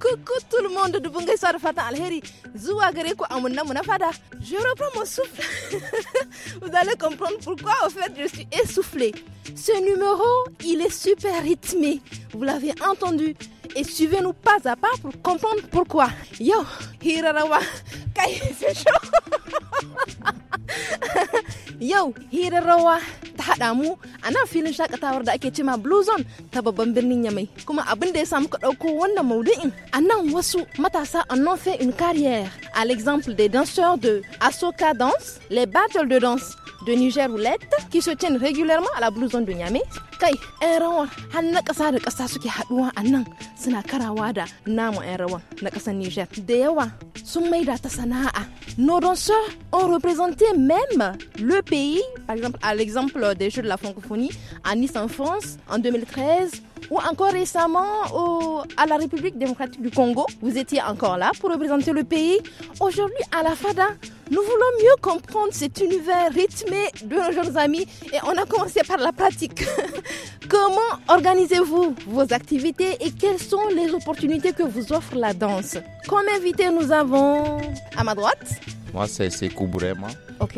coucou tout le monde de fata alheri zuwa je reprends mon souffle vous allez comprendre pourquoi au fait je suis essoufflé ce numéro il est super rythmé vous l'avez entendu et suivez-nous pas à pas pour comprendre pourquoi. Yo, Hirarawa, c'est chaud. Yo, Hirarawa, haɗa mu a nan filin shakatawar da ake cema blue zone ta babban birnin yamai kuma abin da ya samu ka ɗauko wannan maudu'in a wasu matasa en ont fait une carrière à l'exemple des danseurs de Asoka Dance, les battles de danse de Niger Roulette qui se tiennent régulièrement à la blue zone de Niamey nos danseurs ont représenté même le pays, par exemple à l'exemple des Jeux de la francophonie à Nice en France en 2013 ou encore récemment au, à la République démocratique du Congo. Vous étiez encore là pour représenter le pays. Aujourd'hui à la FADA, nous voulons mieux comprendre cet univers rythmé de nos jeunes amis et on a commencé par la pratique. Comment organisez-vous vos activités et quelles sont les opportunités que vous offre la danse Comme invité, nous avons à ma droite. Moi, c'est Sekou Bourema,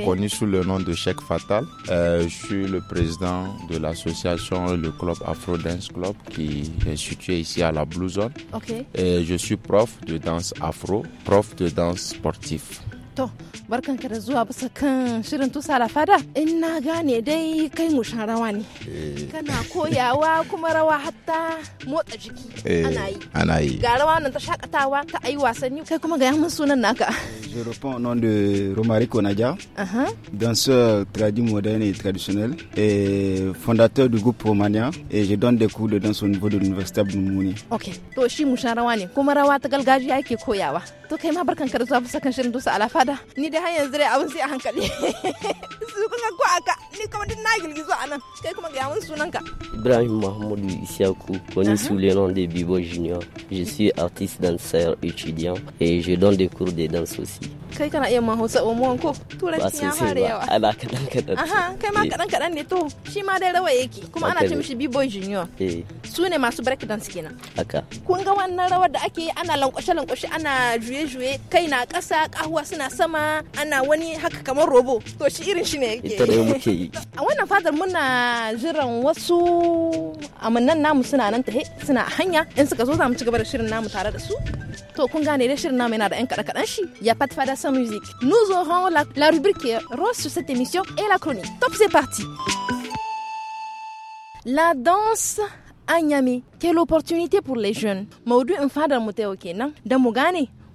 connu sous le nom de Cheikh Fatal. Euh, je suis le président de l'association Le Club Afro Dance Club qui est situé ici à la Blue Zone. je suis prof de danse afro, prof de danse sportive. to ka da zuwa bisa kan shirin tusa da fada in na gane dai kai mushan rawa ne eh. kana koyawa kuma rawa hatta motsa jiki eh, ana yi ana yi ga rawa nan ta shakatawa ta ayi wasanni kai kuma ga mun sunan naka je reprends au nom de Romarico Nadia, danseur tradi moderne et traditionnel et fondateur du groupe Romania et je donne des cours de danse au niveau de l'université Abdou Ok, to shi mushan rawa ne kuma rawa ta gargajiya yake koyawa. to kai ma barkan ka da zuwa bisa kan shirin dusa fada. ni dai har yanzu dai abun sai a hankali su kun ga aka ni kuma duk na girgizo a nan kai kuma ga yawan sunan ka Ibrahim Mahmoud isiaku. connu sous le nom de Bibo Junior je suis artiste danseur étudiant et je donne des cours de danse aussi kai kana iya maho sabon muwan ko turanci ya fara yawa ala kadan kadan aha kai ma eh. kadan kadan ne to shi ma dai rawa yake kuma ana ce mishi Bibo Junior eh. su ne masu break dance kenan haka kun ga wannan rawar da ake yi ana lankwashe lankwashe ana juye juye-juye kai na ƙasa ƙahuwa suna sama ana wani haka kamar robo to shi irin shi ne yake a wannan fadar muna jiran wasu amannan namu suna nan tahe suna hanya in suka zo za mu ci gaba da shirin namu tare da su to kun gane dai shirin namu yana da 'yan kaɗe-kaɗen shi ya pat fada sans musique nous aurons la, la rubrique rose sur cette émission et la chronique top c'est parti la danse agnami Niamey. Quelle opportunité pour les jeunes. Maudu un fadar mu kenan da mu gane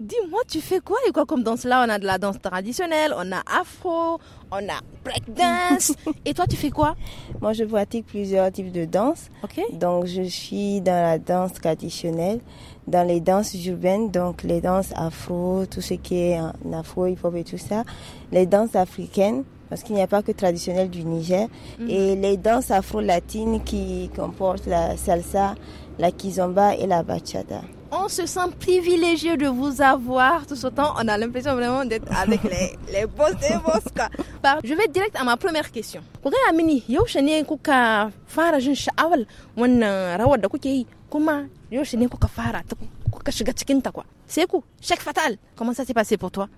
Dis-moi, tu fais quoi et quoi comme danse Là, on a de la danse traditionnelle, on a afro, on a breakdance. et toi, tu fais quoi Moi, je pratique plusieurs types de danse. Donc, je suis dans la danse traditionnelle, dans les danses urbaines, donc les danses afro, tout ce qui est en afro, hip-hop et tout ça. Les danses africaines, parce qu'il n'y a pas que traditionnelle du Niger. Mhm. Et les danses afro-latines qui comportent la salsa, la kizomba et la bachata on se sent privilégié de vous avoir tout ce temps. On a l'impression vraiment d'être avec les, les boss des boss. Quoi. Bah, je vais direct à ma première question. Pourquoi gaya yo yaushe ne kuka fara jin sha'awar wannan rawar da kuke yi kuma yo ne kuka fara kuka shiga cikin ta kwa. C'est quoi? chèque fatal. Comment ça s'est passé pour toi?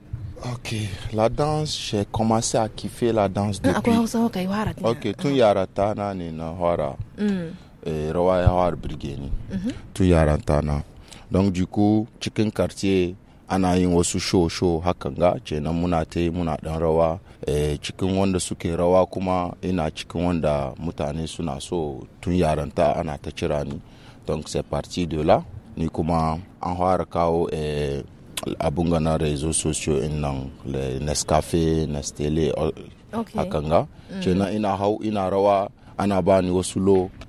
Ok, la danse, j'ai commencé à kiffer la danse ah, depuis. Ok, tun yara tana ne na hora. Mm. Rawa ya hora birgeni. Mm-hmm. Tun yara tana. don jiku cikin kartiye ana yin wasu show-show hakan ga kenan muna ta muna dan rawa e, cikin wanda suke rawa kuma ina cikin wanda mutane suna so tun yaranta ana ta cira ni don c'est parti de la ni kuma an fara kawo e, abun gana rezo socio in nan nescafe nestele hakan ga mm. kenan ina hau ina rawa ana bani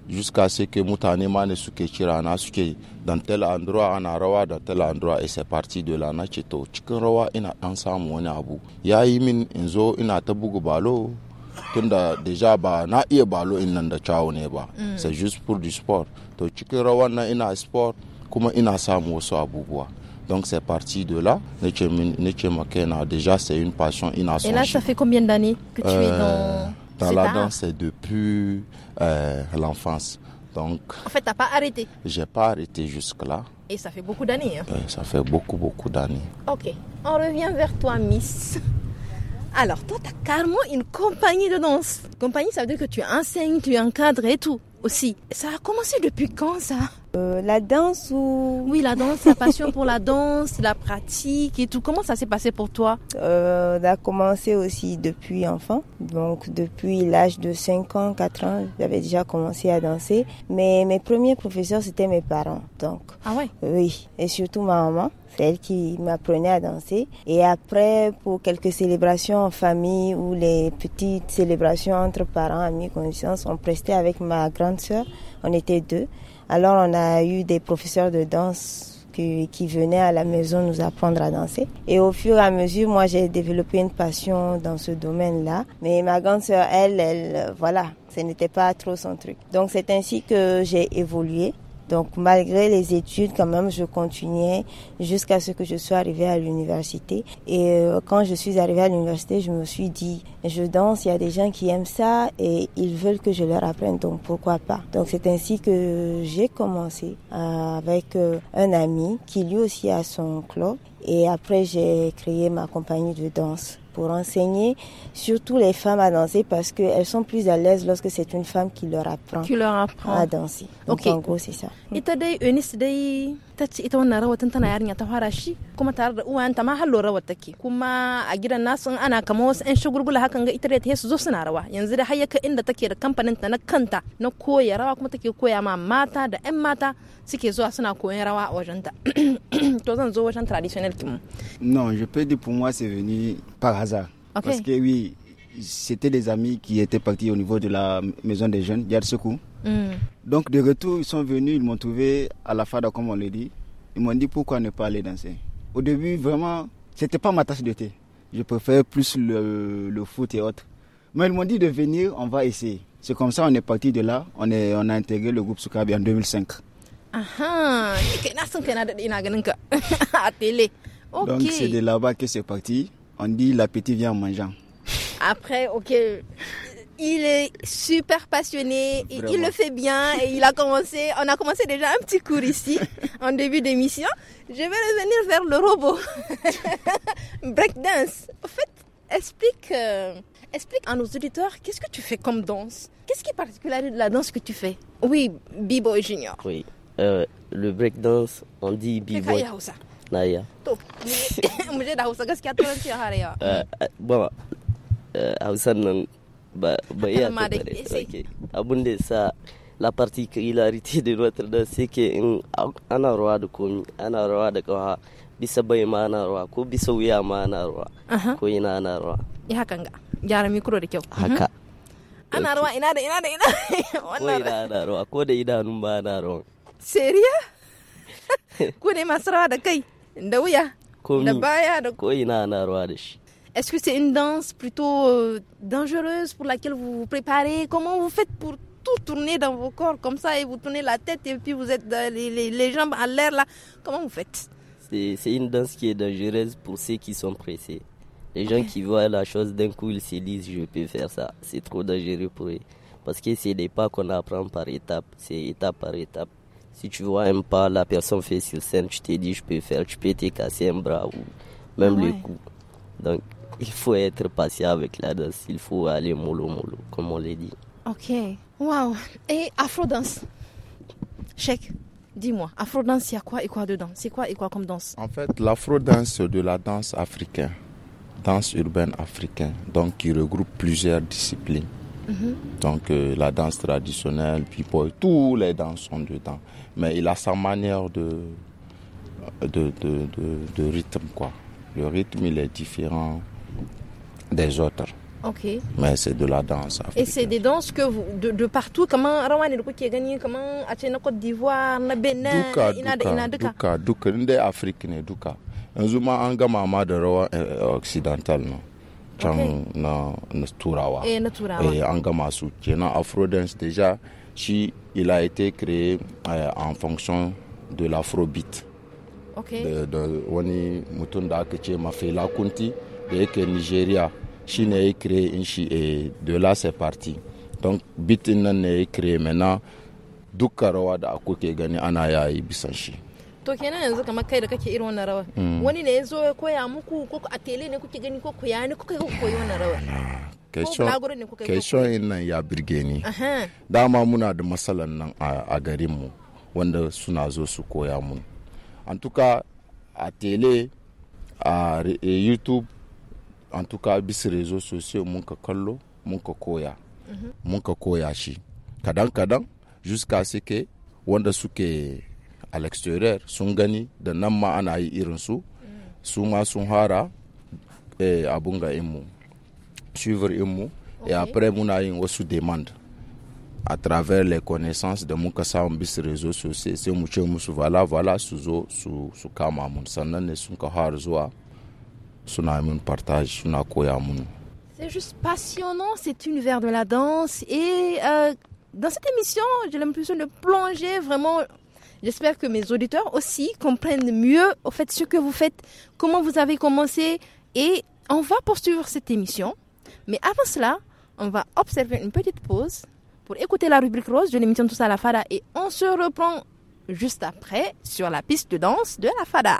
jusqu'à ce que mutane ma ne suke kira na suke dan tel endroit ana rawa da tel endroit et c'est parti de là na cito to cikin rawa ina dan samu abu yayi min in zo ina ta bugu balo tunda deja ba na iya balo in nan da ba c'est juste pour du sport to cikin rawan na ina sport kuma ina samu wasu abubuwa Donc c'est parti de là. Neche Makena, déjà c'est une passion ina. Et là, ça fait combien d'années que tu es euh, dans... Dans la danse, c'est depuis euh, l'enfance. Donc, en fait, t'as pas arrêté J'ai pas arrêté jusque-là. Et ça fait beaucoup d'années. Hein. Euh, ça fait beaucoup, beaucoup d'années. Ok. On revient vers toi, Miss. Alors, toi, tu as carrément une compagnie de danse. Compagnie, ça veut dire que tu enseignes, tu encadres et tout aussi. Ça a commencé depuis quand ça euh, la danse ou Oui, la danse, la passion pour la danse, la pratique et tout. Comment ça s'est passé pour toi euh, Ça a commencé aussi depuis enfant. Donc depuis l'âge de 5 ans, 4 ans, j'avais déjà commencé à danser. Mais mes premiers professeurs, c'était mes parents. Donc, ah ouais Oui, et surtout ma maman. C'est elle qui m'apprenait à danser. Et après, pour quelques célébrations en famille ou les petites célébrations entre parents, amis, connaissances, on prestait avec ma grande sœur. On était deux. Alors on a eu des professeurs de danse qui, qui venaient à la maison nous apprendre à danser. Et au fur et à mesure, moi, j'ai développé une passion dans ce domaine-là. Mais ma grande sœur, elle, elle, voilà, ce n'était pas trop son truc. Donc c'est ainsi que j'ai évolué. Donc malgré les études, quand même, je continuais jusqu'à ce que je sois arrivée à l'université. Et euh, quand je suis arrivée à l'université, je me suis dit, je danse, il y a des gens qui aiment ça et ils veulent que je leur apprenne, donc pourquoi pas. Donc c'est ainsi que j'ai commencé euh, avec euh, un ami qui lui aussi a son club. Et après, j'ai créé ma compagnie de danse pour enseigner, surtout les femmes à danser parce qu'elles sont plus à l'aise lorsque c'est une femme qui leur apprend, à danser. Donc en gros, c'est ça. ta ce ita wannan rawatin tana yarinya ta fara shi kuma tare da uwayenta ma hallo rawar take kuma a gidan nasu in ana kama wasu yan shugulgula hakan ga ita da su zo suna rawa yanzu da hayyaka inda take da kamfanin ta na kanta na koya rawa kuma take koya ma mata da yan mata suke zuwa suna koyan rawa a ta to zan zo wajen traditional kimu non je peux dire pour moi c'est venu par hasard okay. parce que oui c'était des amis qui étaient partis au niveau de la maison des jeunes, Yad Mm. Donc de retour, ils sont venus, ils m'ont trouvé à la fada, comme on le dit. Ils m'ont dit pourquoi ne pas aller danser. Au début, vraiment, c'était pas ma tasse de thé. Je préfère plus le, le foot et autres. Mais ils m'ont dit de venir, on va essayer. C'est comme ça, on est parti de là, on, est, on a intégré le groupe Soukabi en 2005. Ah Donc c'est de là-bas que c'est parti. On dit l'appétit vient en mangeant. Après, ok, il est super passionné, il le fait bien et il a commencé, on a commencé déjà un petit cours ici en début d'émission. Je vais revenir vers le robot. Breakdance. En fait, explique, euh, explique à nos auditeurs qu'est-ce que tu fais comme danse Qu'est-ce qui est particulier de la danse que tu fais Oui, B-Boy Junior. Oui, euh, le breakdance, on dit B-Boy. Naya. Top. Voilà. Eh, hausan nan ba iya ta bare abin da sa la particularité de notre dame c'est que in ana rawa da komi ana rawa da kawa bisa bai ma ana rawa ko bisa wuya ma ana rawa ko ina ana rawa ya hakan ga gyara mikro da kyau haka mhm. ana rawa ina da ina da ina wannan ko ina ana rawa ko da idanun ba ana rawa seriya ku ne masu rawa da kai da wuya da baya da ko ina ana rawa da shi Est-ce que c'est une danse plutôt euh, dangereuse pour laquelle vous vous préparez Comment vous faites pour tout tourner dans vos corps comme ça et vous tournez la tête et puis vous êtes euh, les, les, jambes à l'air là Comment vous faites C'est une danse qui est dangereuse pour ceux qui sont pressés. Les gens qui voient la chose d'un coup, ils se disent je peux faire ça. C'est trop dangereux pour eux. Parce que c'est des pas qu'on apprend par étape. C'est étape par étape. Si tu vois un pas, la personne fait sur scène, tu te dis je peux faire, tu peux te casser un bras ou même le cou. Donc il faut être patient avec la danse, il faut aller mollo mollo, comme on l'a dit. Ok, waouh. Et Afro-dance Check, dis-moi, Afro-dance, il y a quoi et quoi dedans C'est quoi et quoi comme danse En fait, l'Afro-dance, c'est de la danse africaine, danse urbaine africaine, donc qui regroupe plusieurs disciplines. Mhm. Donc euh, la danse traditionnelle, people, tous les danses sont dedans. Mais il a sa manière de, de rythme, quoi. Le rythme, il est différent des autres. Ok. Mais c'est de la danse. Africaine. Et c'est des danses que vous, de, de partout. Comment Rwanda est qui gagné Comment à Côte d'Ivoire, na Bénin, duka, ina duka, duka, duka, des africaine duka. Un zuma an gama ma de Rwanda euh, euh, occidental non. Chang na na Et Eh na turawa. Eh su afro dance déjà si il a été créé euh, en fonction de l'afrobeat. Ok. De, de wani mutunda da ce Mafela Kunti. da yake nigeria shi ne ya yi kire in shi a dola sai party don bitin nan ne ya kire mena duka rawa da ke gani ana yayi bisan shi to kenan yanzu kamar kai da kake irin wannan rawa hmm. wani ne ya zo ya koya muku ko a tele ne kuke gani ko ku ya ni kuka koyi wannan rawa question in nan ya birge ni dama muna da matsalan nan a garinmu wanda suna zo su koya mun an tuka a tele a youtube an tuka bisa rezo sosai mun ka kallo mun ka koya mhm. mun ka koya shi kadan kadan juska suke wanda suke al sun gani da nan ma ana yi irin su mm. su ma sun hara eh, abun ga inmu suivre inmu okay. et après muna yin wasu demand à travers les connaissances da muka samu bisa rezo sosai sai mu ce musu vala vala su zo su kama mun sannan ne sun ka har zuwa c'est juste passionnant cet univers de la danse et euh, dans cette émission j'ai l'impression de plonger vraiment J'espère que mes auditeurs aussi comprennent mieux au fait ce que vous faites, comment vous avez commencé et on va poursuivre cette émission. Mais avant cela, on va observer une petite pause pour écouter la rubrique rose de l'émission ça à la Fada et on se reprend juste après sur la piste de danse de la Fada.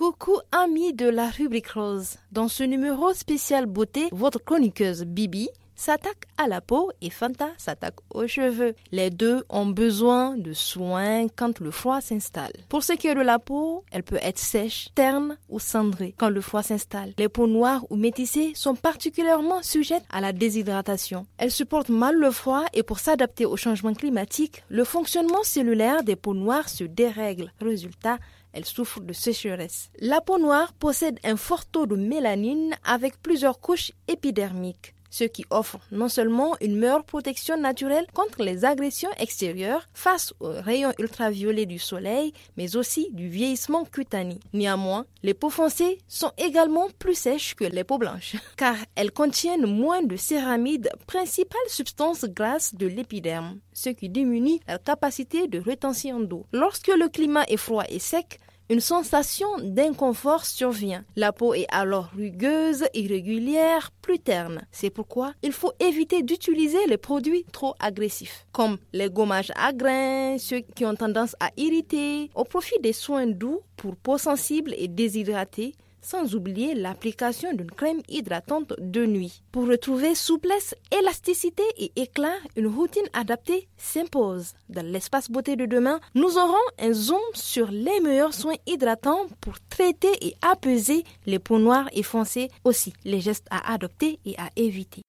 Coucou amis de la rubrique rose. Dans ce numéro spécial beauté, votre chroniqueuse Bibi s'attaque à la peau et Fanta s'attaque aux cheveux. Les deux ont besoin de soins quand le froid s'installe. Pour ce qui est de la peau, elle peut être sèche, terne ou cendrée quand le froid s'installe. Les peaux noires ou métissées sont particulièrement sujettes à la déshydratation. Elles supportent mal le froid et pour s'adapter au changement climatique, le fonctionnement cellulaire des peaux noires se dérègle. Résultat, elle souffre de sécheresse. La peau noire possède un fort taux de mélanine avec plusieurs couches épidermiques ce qui offre non seulement une meilleure protection naturelle contre les agressions extérieures face aux rayons ultraviolets du soleil, mais aussi du vieillissement cutané. Néanmoins, les peaux foncées sont également plus sèches que les peaux blanches, car elles contiennent moins de céramides, principale substance grasse de l'épiderme, ce qui diminue leur capacité de rétention d'eau. Lorsque le climat est froid et sec, une sensation d'inconfort survient. La peau est alors rugueuse, irrégulière, plus terne. C'est pourquoi il faut éviter d'utiliser les produits trop agressifs, comme les gommages à grains, ceux qui ont tendance à irriter, au profit des soins doux pour peau sensible et déshydratée sans oublier l'application d'une crème hydratante de nuit. Pour retrouver souplesse, élasticité et éclat, une routine adaptée s'impose. Dans l'espace beauté de demain, nous aurons un zoom sur les meilleurs soins hydratants pour traiter et apaiser les peaux noires et foncées, aussi les gestes à adopter et à éviter.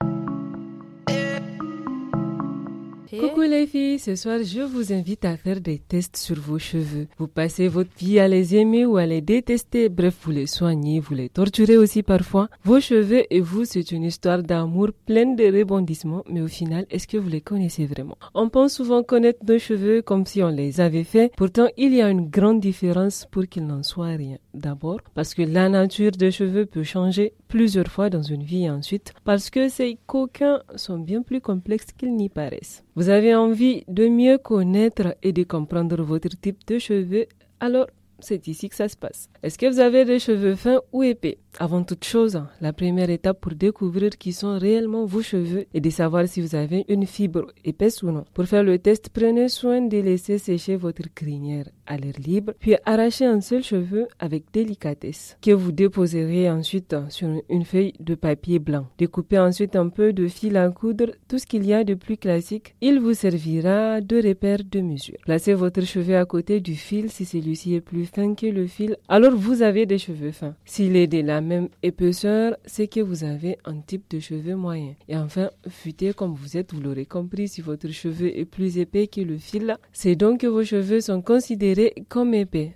Coucou les filles, ce soir je vous invite à faire des tests sur vos cheveux. Vous passez votre vie à les aimer ou à les détester, bref, vous les soignez, vous les torturez aussi parfois. Vos cheveux et vous, c'est une histoire d'amour pleine de rebondissements, mais au final, est-ce que vous les connaissez vraiment On pense souvent connaître nos cheveux comme si on les avait faits, pourtant il y a une grande différence pour qu'il n'en soit rien. D'abord, parce que la nature des cheveux peut changer plusieurs fois dans une vie ensuite, parce que ces coquins sont bien plus complexes qu'ils n'y paraissent. Vous avez envie de mieux connaître et de comprendre votre type de cheveux Alors, c'est ici que ça se passe. Est-ce que vous avez des cheveux fins ou épais avant toute chose, la première étape pour découvrir qui sont réellement vos cheveux est de savoir si vous avez une fibre épaisse ou non. Pour faire le test, prenez soin de laisser sécher votre crinière à l'air libre, puis arrachez un seul cheveu avec délicatesse, que vous déposerez ensuite sur une feuille de papier blanc. Découpez ensuite un peu de fil à coudre, tout ce qu'il y a de plus classique. Il vous servira de repère de mesure. Placez votre cheveu à côté du fil si celui-ci est plus fin que le fil, alors vous avez des cheveux fins. S'il est de la même épaisseur, c'est que vous avez un type de cheveux moyen. Et enfin, futé comme vous êtes, vous l'aurez compris, si votre cheveu est plus épais que le fil, c'est donc que vos cheveux sont considérés comme épais.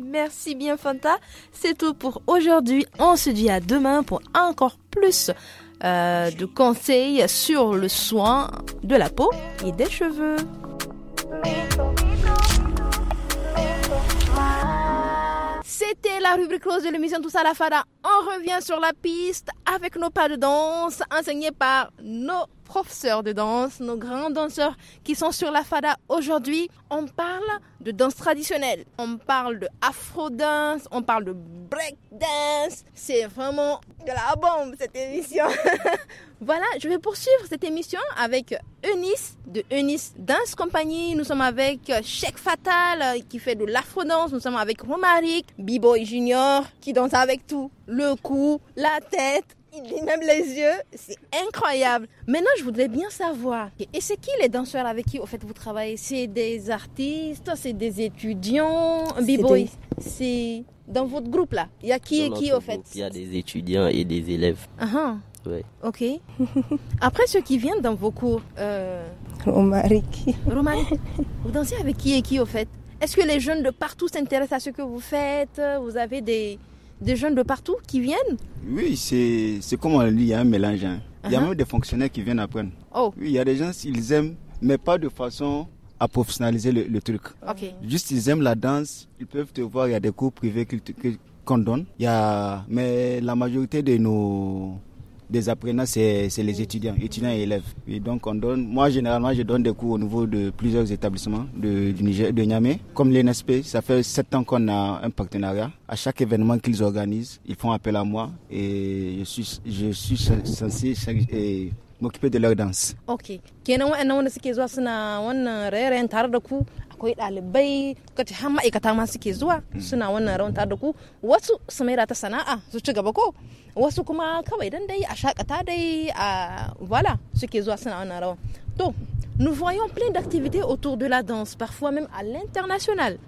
Merci bien Fanta. C'est tout pour aujourd'hui. On se dit à demain pour encore plus euh, de conseils sur le soin de la peau et des cheveux. C'était la rubrique close de l'émission Tout ça la On revient sur la piste avec nos pas de danse enseignés par nos professeurs de danse, nos grands danseurs qui sont sur la fada aujourd'hui. On parle de danse traditionnelle, on parle de afro-dance, on parle de break dance. C'est vraiment de la bombe cette émission. voilà, je vais poursuivre cette émission avec Eunice de Eunice Dance Company. Nous sommes avec Chek Fatal euh, qui fait de l'afro-dance. Nous sommes avec Romaric, B-Boy Junior qui danse avec tout. Le cou, la tête, il même les yeux, c'est incroyable. Maintenant, je voudrais bien savoir, et c'est qui les danseurs avec qui, au fait, vous travaillez C'est des artistes, c'est des étudiants, b-boy C'est dans votre groupe, là Il y a qui et qui, au fait Il y a des étudiants et des élèves. Ah, ah. ouais. Ok. Après, ceux qui viennent dans vos cours... Euh... Romaric. Romaric. Vous dansez avec qui et qui, au fait Est-ce que les jeunes de partout s'intéressent à ce que vous faites Vous avez des des jeunes de partout qui viennent Oui, c'est comme on dit, il y a un mélange. Hein. Il y a uh-huh. même des fonctionnaires qui viennent apprendre. Oh. il y a des gens, ils aiment, mais pas de façon à professionnaliser le, truc. Juste, ils aiment la danse, ils peuvent te voir, il y a des cours privés qu'on donne. a, mais la majorité de nos des apprenants, c'est les étudiants, étudiants et élèves. Et donc on donne, moi généralement je donne des cours au niveau de plusieurs établissements de, du Niger, de Niamey. Comme l'ENSP, ça fait sept ans qu'on a un partenariat. À chaque événement qu'ils organisent, ils font appel à moi et je suis, je suis censé et m'occuper de leur danse. Ok akwai ɗalibai kace har ma'aikata ma suke zuwa mm. suna wannan rawan da ku wasu su maida ta sana'a su ci gaba ko wasu kuma kawai dan dai a shakata dai a wala suke zuwa suna wannan rawan to nous voyons plein d'activités autour de la danse parfois même à l'international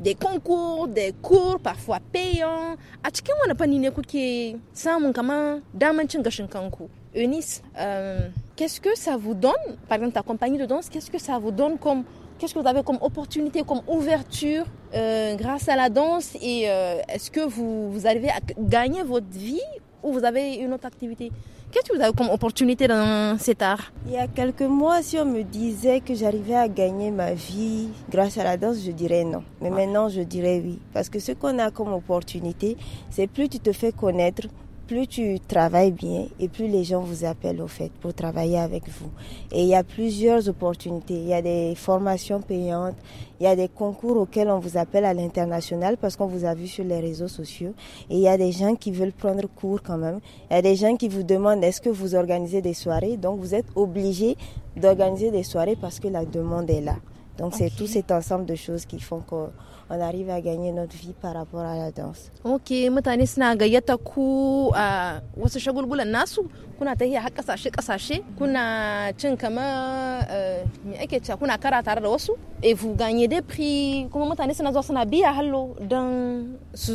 des concours, des cours parfois payants. A cikin wani fanni ne kuke samun kaman daman cin gashin kanku? Eunice, euh, qu'est-ce que ça vous donne, par exemple ta compagnie de danse, qu'est-ce que ça vous donne comme qu'est-ce que vous avez comme opportunité, comme ouverture euh, grâce à la danse Et euh, est-ce que vous, vous, arrivez à gagner votre vie ou vous avez une autre activité Qu'est-ce que vous avez comme opportunité dans cet art Il y a quelques mois, si on me disait que j'arrivais à gagner ma vie grâce à la danse, je dirais non. Mais maintenant, je dirais oui. Parce que ce qu'on a comme opportunité, c'est plus tu te fais connaître, plus tu travailles bien et plus les gens vous appellent au fait pour travailler avec vous. Et il y a plusieurs opportunités. Il y a des formations payantes, il y a des concours auxquels on vous appelle à l'international parce qu'on vous a vu sur les réseaux sociaux. Et il y a des gens qui veulent prendre cours quand même. Il y a des gens qui vous demandent est-ce que vous organisez des soirées. Donc vous êtes obligé d'organiser des soirées parce que la demande est là. Donc c'est tout cet ensemble de choses qui font qu'on on arrive à gagner notre vie par rapport à la danse. Ok, mutane suna gayyata ku a wasu shagulgulan nasu kuna tafiya har kasashe kasashe kuna cin kama eh, me ake cewa kuna kara tare da wasu E, vous gagnez des prix kuma mutane suna zuwa suna biya hallo don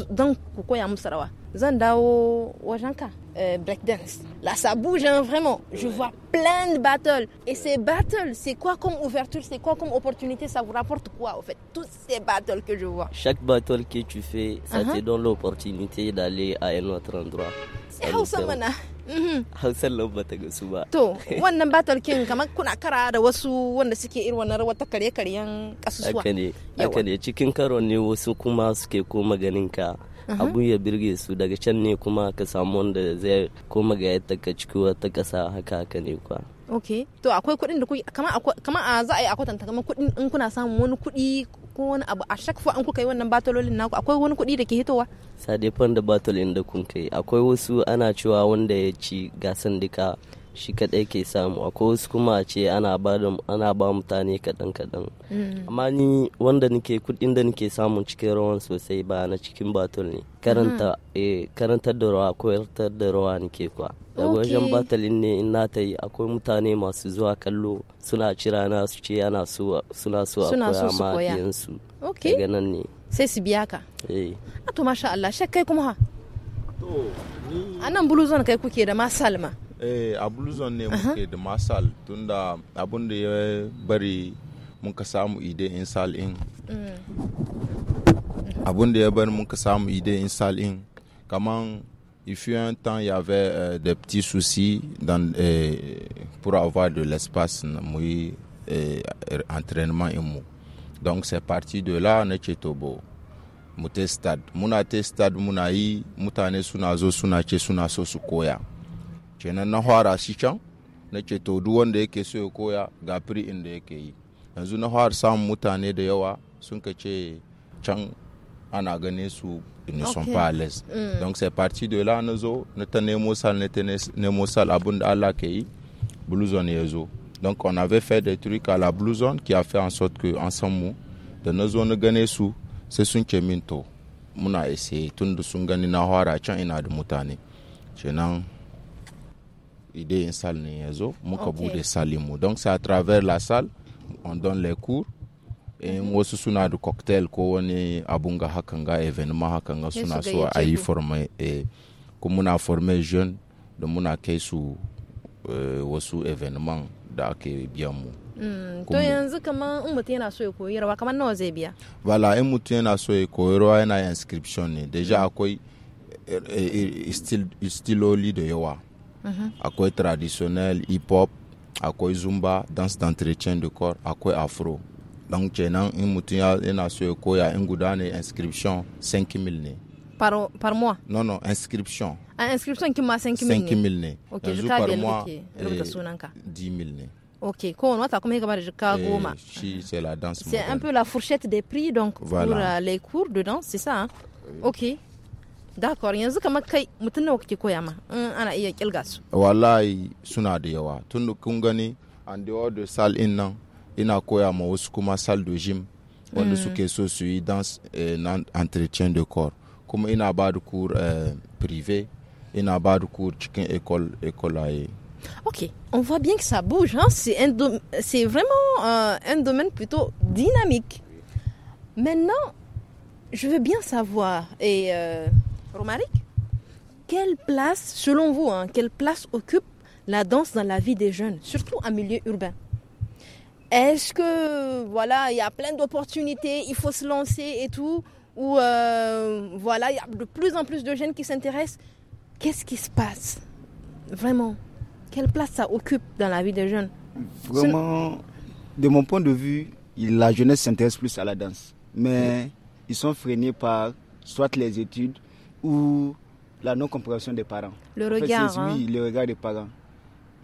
don ku koya musu rawa. Zan dawo wajenka euh, breakdance. Là, ça bouge hein, vraiment. Je vois plein de battles. Et ces battles, c'est quoi comme ouverture, c'est quoi comme opportunité, ça vous rapporte quoi en fait tous ces battles que je vois. Chaque battle que tu fais, ça uh te donne l'opportunité d'aller à un autre endroit. C'est hausar lamba ta gasu ba. To, wannan battle king kamar kuna kara da wasu wanda suke irin wannan rawar ta kare-karyen kasusuwa. Haka ne, haka ne cikin karo ne wasu kuma suke koma ganin ka. abu ya birge su daga can ne kuma ka samu wanda zai koma ga yadda ka ciki wata ƙasa haka haka ne kuwa. ok to akwai kuɗin da kama a za a yi akwatanta kamar kuɗin in kuna samun wani kuɗi ko wani abu a shakfa an kuka yi wannan batololin naku akwai wani kuɗi da ke hitowa sadefan da batolin da kun kai akwai wasu ana cewa wanda ya ci gasan duka shi kaɗai ke samu a wasu kuma a ce ana ba ana ba mutane kaɗan kaɗan. Mm. amma ni wanda nake kudin da nake samun cikin rawan sosai ba na cikin batul ne karanta mm-hmm. eh, karantar da rawa koyartar da rawa nake kwa daga wajen batalin ne in na ta yi akwai mutane masu zuwa kallo suna cira na su ce ana so suna so a koya ma yansu daga nan ne sai su biya ka eh a to masha Allah shakkai kuma ha a nan buluzon kai kuke da ma salma eh a bluzon ne muke da masal tunda abun da ya bari muka samu ide in sal'in in mm. abun da ya bari muka samu ide in sal'in kaman il fut un temps il y avait euh, des petits soucis dans, euh, pour avoir de l'espace muy euh, entraînement et mou donc c'est parti de là ne tobo mute stade muna te stade mutane suna zo suna sukoya. suna so su koya kenan na fara shi can nake to duk wanda yake so ya koya ga firi inda yake yi yanzu na fara samun mutane da yawa sun ka ce can ana ganin su ne sont pas à l'aise mm. donc c'est parti de là na zo na ta nemo sal na ta nemo sal la da Allah ke yi blue ya zo donc on avait fait des trucs à la blue qui a fait en sorte que ensemble mu da na zo na gane su sai sun ce min to muna essaye tun da sun gani na fara can ina da mutane kenan idée in salle ni yezo muka okay. de salimu donc c'est à travers la salle on donne les cours et mm -hmm. wasu suna da cocktail ko woni abunga hakanga événement hakanga evenement hakan ga suna so a yi forme e kuma muna forme jeune da muna kai su uh, wasu événement da ake biyan mu to yanzu kaman in mutum yana so ya koyi rawa kaman nawa zai biya wala in mutum yana so ya koyi rawa yana inscription ne deja akwai istiloli da yawa à mhm. quoi traditionnel, hip hop à quoi zumba danse d'entretien de corps quoi afro Donc, j'ai un mutum yana so ya un in inscription 5000 ne par, par mois non non inscription à ah, inscription qui ma 5000 000 nés. ok yanzu par mois rubuta sunanka 10000 ne Ok, C'est un peu la fourchette des prix donc voilà. pour euh, les cours de danse, c'est ça hein? Ok. D'accord yanzu kamar kai mutum nawa kake koya ma in ana iya kilga su. Wallahi suna da yawa tun kun gani an da sal in nan ina koya ma wasu kuma sal do gym wanda mm. suke so su yi dance eh, entretien de corps kuma ina ba da kur eh, privé ina ba da kur cikin école école Ok, on voit bien que ça bouge. Hein? C'est vraiment euh, un domaine plutôt dynamique. Maintenant, je veux bien savoir, et euh, Romaric, quelle place, selon vous, hein, quelle place occupe la danse dans la vie des jeunes, surtout en milieu urbain Est-ce que, voilà, il y a plein d'opportunités, il faut se lancer et tout Ou, euh, voilà, il y a de plus en plus de jeunes qui s'intéressent Qu'est-ce qui se passe Vraiment, quelle place ça occupe dans la vie des jeunes Vraiment, de mon point de vue, la jeunesse s'intéresse plus à la danse. Mais ils sont freinés par soit les études, ou la non-compréhension des parents. Le regard. Oui, hein. le regard des parents.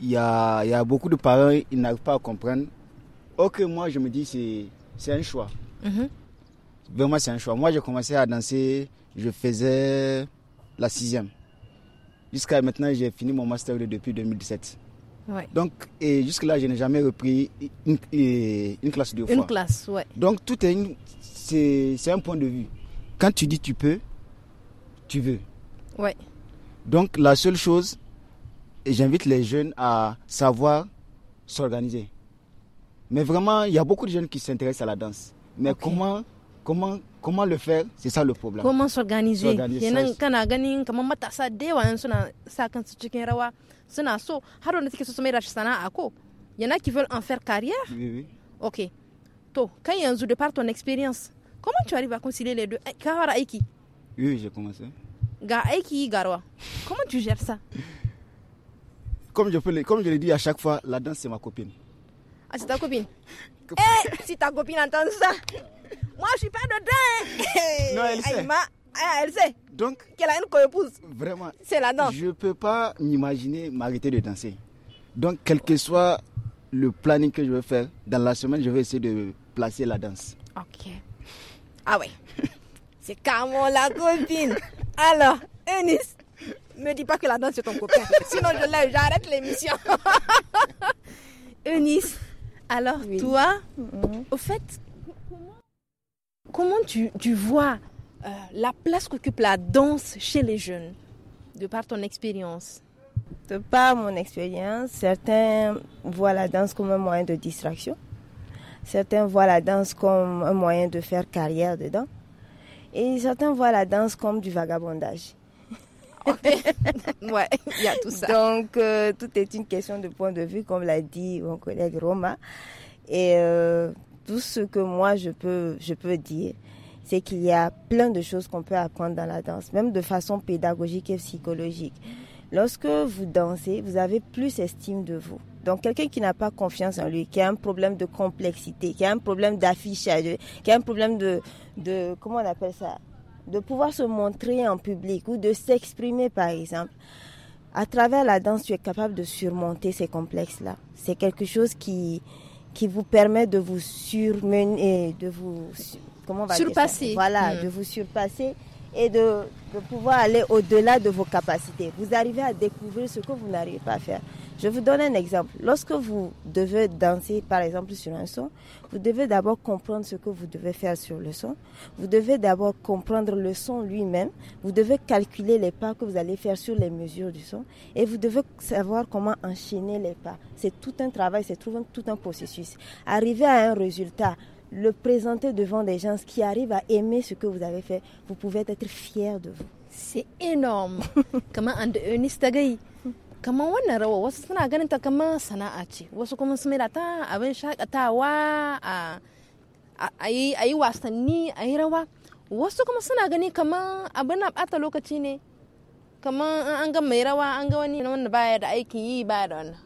Il y a, il y a beaucoup de parents, ils n'arrivent pas à comprendre. Ok, moi, je me dis, c'est un choix. Mhm. Vraiment, c'est un choix. Moi, j'ai commencé à danser, je faisais la sixième. Jusqu'à maintenant, j'ai fini mon master depuis 2017. Donc, et jusque-là, je n'ai jamais repris une, une classe de fois. Une classe, ouais. Donc, tout est, c'est, un point de vue. Quand tu dis tu peux, tu veux. Ouais. Donc la seule chose, et j'invite les jeunes à savoir s'organiser. Mais vraiment, il y a beaucoup de jeunes qui s'intéressent à la danse. Mais comment, comment, comment le faire C'est ça le problème. Comment s'organiser Il y en a qui veulent en faire carrière. Oui, Ok. To, quand il y a un jour de par ton expérience, comment tu arrives à concilier les deux eh, oui, j'ai commencé. Ga eh, garwa. Comment tu gères ça comme je, peux, comme je le dis à chaque fois, la danse, c'est ma copine. Ah, c'est ta copine Eh, si ta copine entend ça, moi, je suis pas dedans. Hein. Non, elle sait. Ah, elle sait. Donc Qu'elle a une co Vraiment. C'est la danse. Je ne peux pas m'imaginer m'arrêter de danser. Donc, quel que soit le planning que je vais faire, dans la semaine, je vais essayer de placer la danse. Ok. Ah ouais. C'est comme la copine. Alors, Eunice, me dis pas que la danse est ton copain. Sinon, je lève, j'arrête l'émission. Eunice, alors toi, mhm. au fait, comment tu, vois euh, la place qu'occupe la danse chez les jeunes, de par ton expérience De par mon expérience, certains voient la danse comme un moyen de distraction. Certains voient la danse comme un moyen de faire carrière dedans. Et certains voient la danse comme du vagabondage. il y a tout ça. Donc, euh, tout est une question de point de vue, comme l'a dit mon collègue Roma. Et euh, tout ce que moi, je peux, je peux dire, c'est qu'il y a plein de choses qu'on peut apprendre dans la danse, même de façon pédagogique et psychologique. Lorsque vous dansez, vous avez plus estime de vous. Donc quelqu'un qui n'a pas confiance en lui, qui a un problème de complexité, qui a un problème d'affichage, qui a un problème de, de comment on appelle ça, de pouvoir se montrer en public ou de s'exprimer par exemple. À travers la danse, tu es capable de surmonter ces complexes-là. C'est quelque chose qui, qui vous permet de vous surmener, de vous comment on va surpasser. Dire ça voilà, hmm. de vous surpasser et de, de pouvoir aller au-delà de vos capacités. Vous arrivez à découvrir ce que vous n'arrivez pas à faire. Je vous donne un exemple. Lorsque vous devez danser, par exemple, sur un son, vous devez d'abord comprendre ce que vous devez faire sur le son. Vous devez d'abord comprendre le son lui-même. Vous devez calculer les pas que vous allez faire sur les mesures du son. Et vous devez savoir comment enchaîner les pas. C'est tout un travail, c'est tout un, processus. Arriver à un résultat, le présenter devant des gens qui arrivent à aimer ce que vous avez fait, vous pouvez être fier de vous. C'est énorme. Comment en kamar wannan rawa wasu suna ganin ta kamar sana'a ce wasu kuma su da ta abin shakatawa a yi wasanni a yi rawa wasu kuma suna gani kamar abin na bata lokaci ne kamar an ga mai rawa an ga wani wanda baya da aikin yi baya da wannan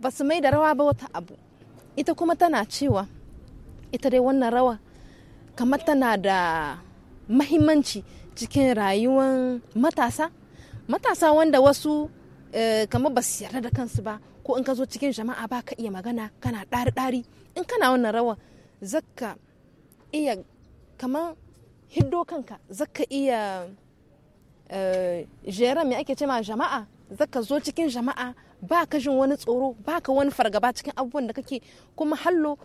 ba su mai da rawa ba wata abu ita kuma tana cewa ita dai wannan rawa kamar tana da mahimmanci cikin rayuwar matasa matasa wanda wasu Eh, kamar ba su yarda da kansu ba ko in ka zo cikin jama'a ba ka iya magana kana ɗari ɗari in kana wannan rawa zakka iya kamar hiddo kanka zakka iya eh, jera me ake cema jama'a zaka zo cikin jama'a ba ka jin wani tsoro ba ka wani fargaba cikin abubuwan da kake kuma hallo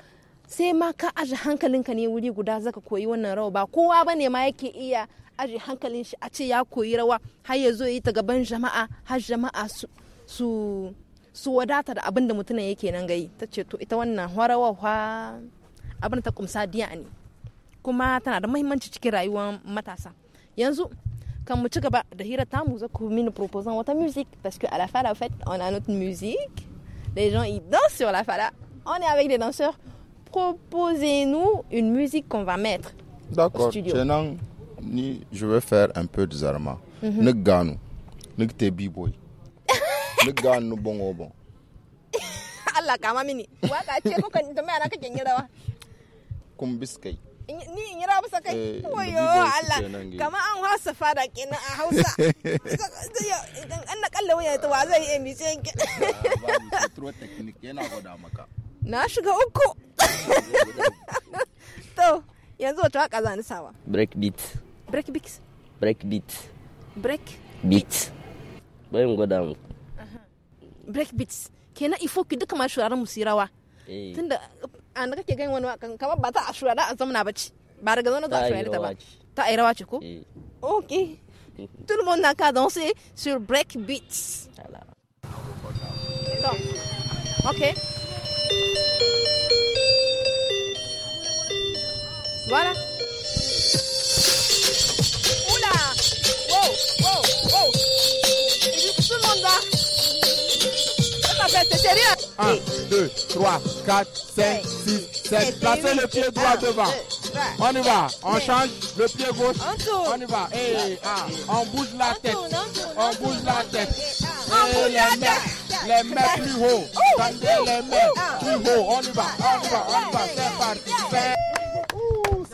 sai ma ka aje hankalinka ne wuri guda zaka koyi wannan rawa ba kowa ne ma yake iya aje hankalin shi a ce ya koyi rawa har ya zo yi ta gaban jama'a har jama'a su su wadata da abin da mutumin yake nan gai ta ce to ita wannan hwarawa abin ta kumsa diya ne kuma tana da muhimmanci cikin rayuwar matasa yanzu kan mu ci gaba da hira tamu za ku mini proposant wata musique parce que à la fin en fait on a notre musique les gens ils dansent sur la fada on est avec des danseurs proposez-nous une musique qu'on va mettre d'accord au studio. ni je vais faire un peu de zarma ne mhm. ni ganu ni te bi boy ni ganu bongo bon Allah ma mini k'a ce ko kan da mai kake yin rawa kum biskai ni in yi rawa bisa kai koyo eh, Allah kama an hausa fada kenan a hausa an na kalla wuya ta wa zai yi mice yanke yana goda maka na shiga uku to yanzu wata waka zani sawa beat Break beats, Break. Beat. break e gwada mu. Breakbeat. Kenan ifo ki duka masu mu su eh. Tunda an ah, na kake gan wani wakan kamar ba ta a shurara a zamana bace Ba daga zaune zuwa shurara ta ba. Ta ai rawa ce ko? Eh. Ok. Tout le monde n'a qu'à danser sur Breakbeat. Ok. 1, 2, 3, 4, 5, 6, 7. Placez le pied droit ah, devant. On y va. On change le pied gauche. On y va. Eh, ah, on bouge la tête. On bouge la tête. On bouge Les mains plus haut. Tendez les mains ah. plus haut. On y va. On y va. On y va. C'est parti.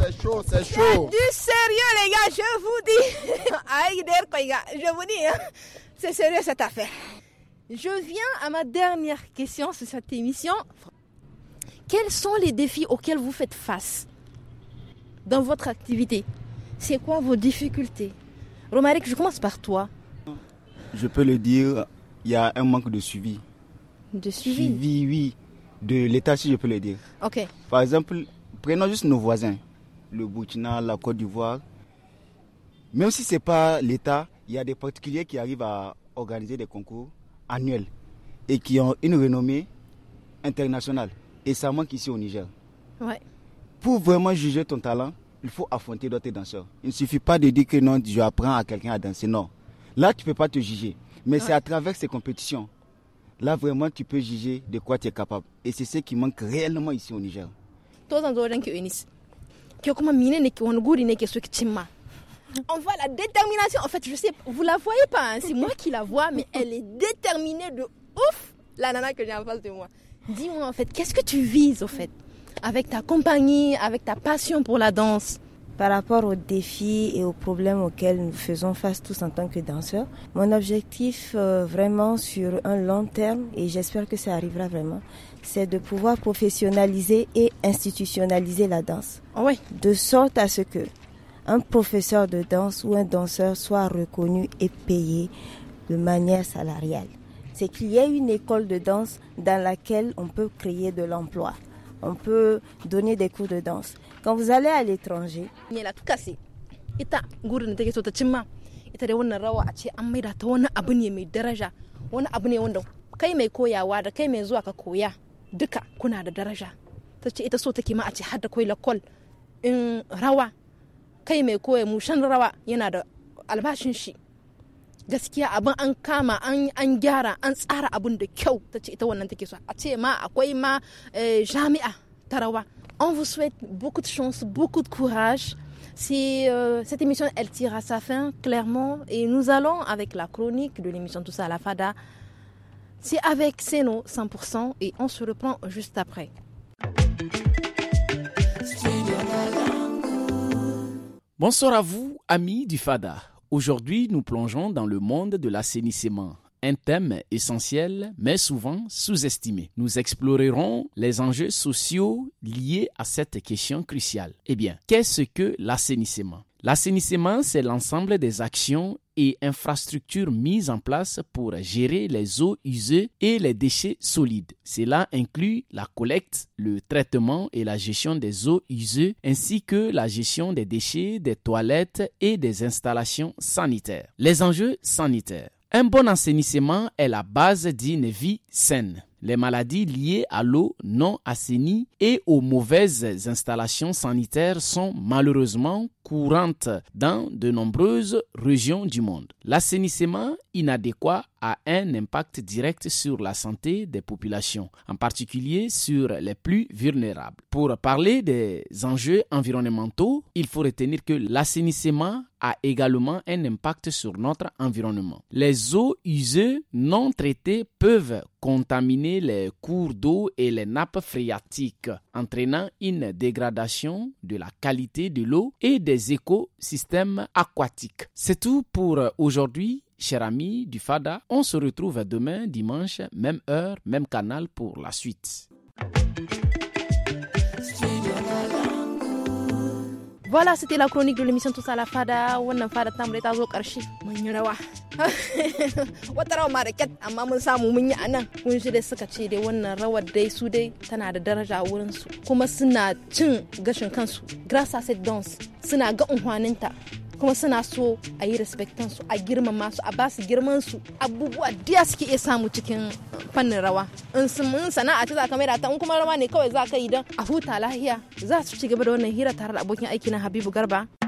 C'est chaud, c'est chaud. Du sérieux, les gars, je vous dis. Je vous dis, hein. c'est sérieux cette affaire. Je viens à ma dernière question sur cette émission. Quels sont les défis auxquels vous faites face dans votre activité C'est quoi vos difficultés Romaric, je commence par toi. Je peux le dire, il y a un manque de suivi. De suivi Suivi, oui. De l'État, si je peux le dire. Ok. Par exemple, prenons juste nos voisins, le Burkina, la Côte d'Ivoire. Même si ce n'est pas l'État, il y a des particuliers qui arrivent à organiser des concours annuel et qui ont une renommée internationale. Et ça manque ici au Niger. Pour vraiment juger ton talent, il faut affronter d'autres danseurs. Il ne suffit pas de dire que non, je apprends à quelqu'un à danser. Non. Là, tu ne peux pas te juger. Mais c'est à travers ces compétitions. Là, vraiment, tu peux juger de quoi tu es capable. Et c'est ce qui manque réellement ici au Niger on voit la détermination. En fait, je sais, vous la voyez pas, hein. c'est moi qui la vois, mais elle est déterminée de ouf, la nana que j'ai en face de moi. Dis-moi en fait, qu'est-ce que tu vises en fait avec ta compagnie, avec ta passion pour la danse par rapport aux défis et aux problèmes auxquels nous faisons face tous en tant que danseurs. Mon objectif euh, vraiment sur un long terme, et j'espère que ça arrivera vraiment, c'est de pouvoir professionnaliser et institutionnaliser la danse. Ah oui. De sorte à ce que un professeur de danse ou un danseur soit reconnu et payé de manière salariale. C'est qu'il y ait une école de danse dans laquelle on peut créer de l'emploi. On peut donner des cours de danse. Quand vous allez à l'étranger, a rawa ita on vous souhaite beaucoup de chance beaucoup de courage Si euh, cette émission, elle tire à sa fin, clairement, et nous allons avec la chronique de l'émission Tout ça à la Fada. C'est avec Seno 100% et on se reprend juste après. Bonsoir à vous, amis du FADA. Aujourd'hui, nous plongeons dans le monde de l'assainissement, un thème essentiel mais souvent sous-estimé. Nous explorerons les enjeux sociaux liés à cette question cruciale. Eh bien, qu'est-ce que l'assainissement L'assainissement, c'est l'ensemble des actions et infrastructures mises en place pour gérer les eaux usées et les déchets solides. Cela inclut la collecte, le traitement et la gestion des eaux usées ainsi que la gestion des déchets, des toilettes et des installations sanitaires. Les enjeux sanitaires. Un bon assainissement est la base d'une vie saine les maladies liées à l'eau non assainie et aux mauvaises installations sanitaires sont malheureusement courantes dans de nombreuses régions du monde. L'assainissement inadéquat a un impact direct sur la santé des populations, en particulier sur les plus vulnérables. Pour parler des enjeux environnementaux, il faut retenir que l'assainissement a également un impact sur notre environnement. Les eaux usées non traitées peuvent Contaminer les cours d'eau et les nappes phréatiques, entraînant une dégradation de la qualité de l'eau et des écosystèmes aquatiques. C'est tout pour aujourd'hui. Chers amis du FADA, on se retrouve demain dimanche, même heure, même canal pour la suite. Voilà, c'était la chronique de l'émission Tous à la Fada. Wannan fada ta mure ta zo ƙarshe. Mun yi rawa. Wata rawa ma amma mun samu mun yi anan. Kun shi dai suka ce dai wannan rawar dai su dai tana da daraja wurin su kuma suna cin gashin kansu. Grâce à suna ga unhwaninta. kuma suna so a yi respectansu su a girmama su a ba su girman su abubuwa diya suke iya samu cikin fannin rawa in sun sana'a ta zaka mai da ta in kuma rawa ne kawai za ka yi don a huta lahiya za su ci gaba da wannan hira tare da abokin aiki na Habibu Garba